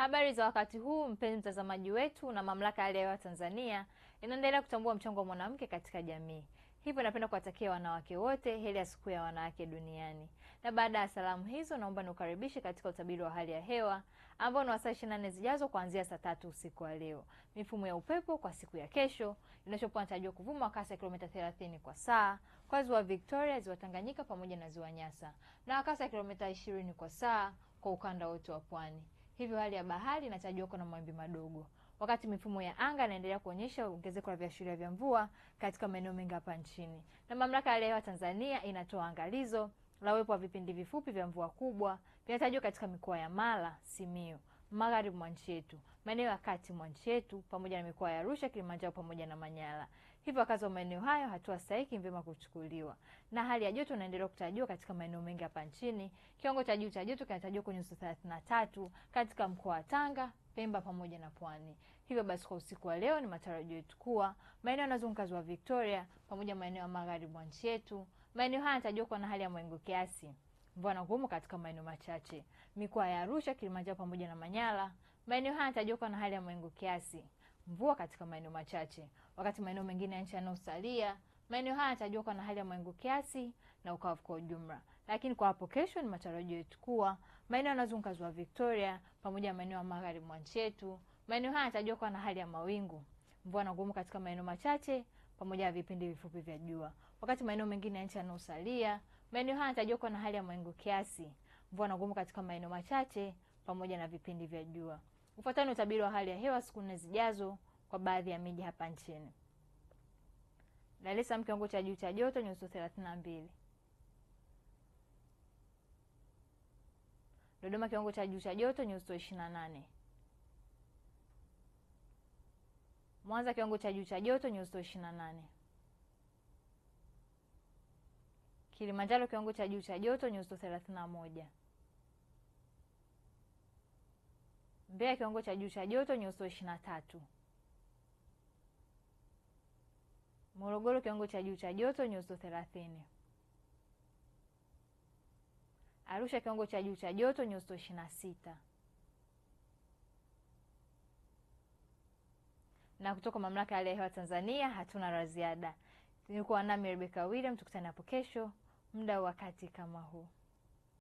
Habari za wakati huu mpenzi mtazamaji wetu, na mamlaka ya hali hewa Tanzania inaendelea kutambua mchango wa mwanamke katika jamii, hivyo napenda kuwatakia wanawake wote heri ya siku ya wanawake duniani. Na baada ya salamu hizo, naomba nikukaribishe katika utabiri wa hali ya hewa ambao ni wasaa saa 24 zijazo kuanzia saa tatu usiku wa leo. Mifumo ya upepo kwa siku ya kesho inachopoa inatarajiwa kuvuma kasi ya kilomita 30 kwa saa kwa ziwa Victoria, ziwa Tanganyika pamoja na ziwa Nyasa na kasi ya kilomita 20 kwa saa kwa ukanda wote wa pwani hivyo hali ya bahari inatarajiwa kuwa na mawimbi madogo, wakati mifumo ya anga inaendelea kuonyesha ongezeko la viashiria vya mvua katika maeneo mengi hapa nchini. Na mamlaka ya hali ya hewa Tanzania inatoa angalizo la uwepo wa vipindi vifupi vya mvua kubwa vinatarajiwa katika mikoa ya Mara, Simiyu, magharibi mwa nchi yetu, maeneo ya kati mwa nchi yetu pamoja na mikoa ya Arusha, Kilimanjaro pamoja na Manyara. Hivyo wakazi wa maeneo hayo, hatua stahiki vyema kuchukuliwa. Na hali ya joto inaendelea kutarajiwa katika maeneo mengi hapa nchini. Kiwango cha juu cha joto kinatarajiwa kwenye nyuzi thelathini na tatu katika mkoa wa Tanga, Pemba pamoja na Pwani. Hivyo basi, kwa usiku wa leo ni matarajio yetu kuwa maeneo yanazunguka ziwa Victoria pamoja maeneo ya magharibi mwa nchi yetu, maeneo haya yanatarajiwa kuwa na hali ya mawingu kiasi mvua na ngumu katika maeneo machache. Mikoa ya Arusha, Kilimanjaro pamoja na Manyara, maeneo haya yanatarajiwa kuwa na hali ya mawingu kiasi mvua katika maeneo machache, wakati maeneo mengine ya nchi yanayosalia maeneo haya yatajua kuwa na hali ya mawingu kiasi na ukavu kwa ujumla. Lakini kwa hapo kesho, ni matarajio yetu kuwa maeneo yanayozunguka ziwa Victoria pamoja na maeneo ya magharibi mwa nchi yetu, maeneo haya yatajua kuwa na hali ya mawingu, mvua na ngumu katika maeneo machache pamoja na vipindi vifupi vya jua, wakati maeneo mengine ya nchi yanayosalia maeneo haya yatajua kuwa na hali ya mawingu kiasi, mvua na ngumu katika maeneo machache pamoja na vipindi vya jua ufuatani utabiri wa hali ya hewa siku nne zijazo kwa baadhi ya miji hapa nchini. Dar es Salaam kiwango cha juu cha joto nyuzi thelathini na mbili. Dodoma kiwango cha juu cha joto nyuzi ishirini na nane. Mwanza kiwango cha juu cha joto nyuzi ishirini na nane. Kilimanjaro kiwango cha juu cha joto nyuzi thelathini na moja. Mbeya kiwango cha juu cha joto nyuzijoto ishirini na tatu. Morogoro kiwango cha juu cha joto nyuzijoto thelathini. Arusha kiwango cha juu cha joto nyuzijoto ishirini na sita. Na kutoka Mamlaka ya Hali ya Hewa Tanzania hatuna la ziada. Nilikuwa nami Rebecca William, tukutane hapo kesho muda wakati kama huu.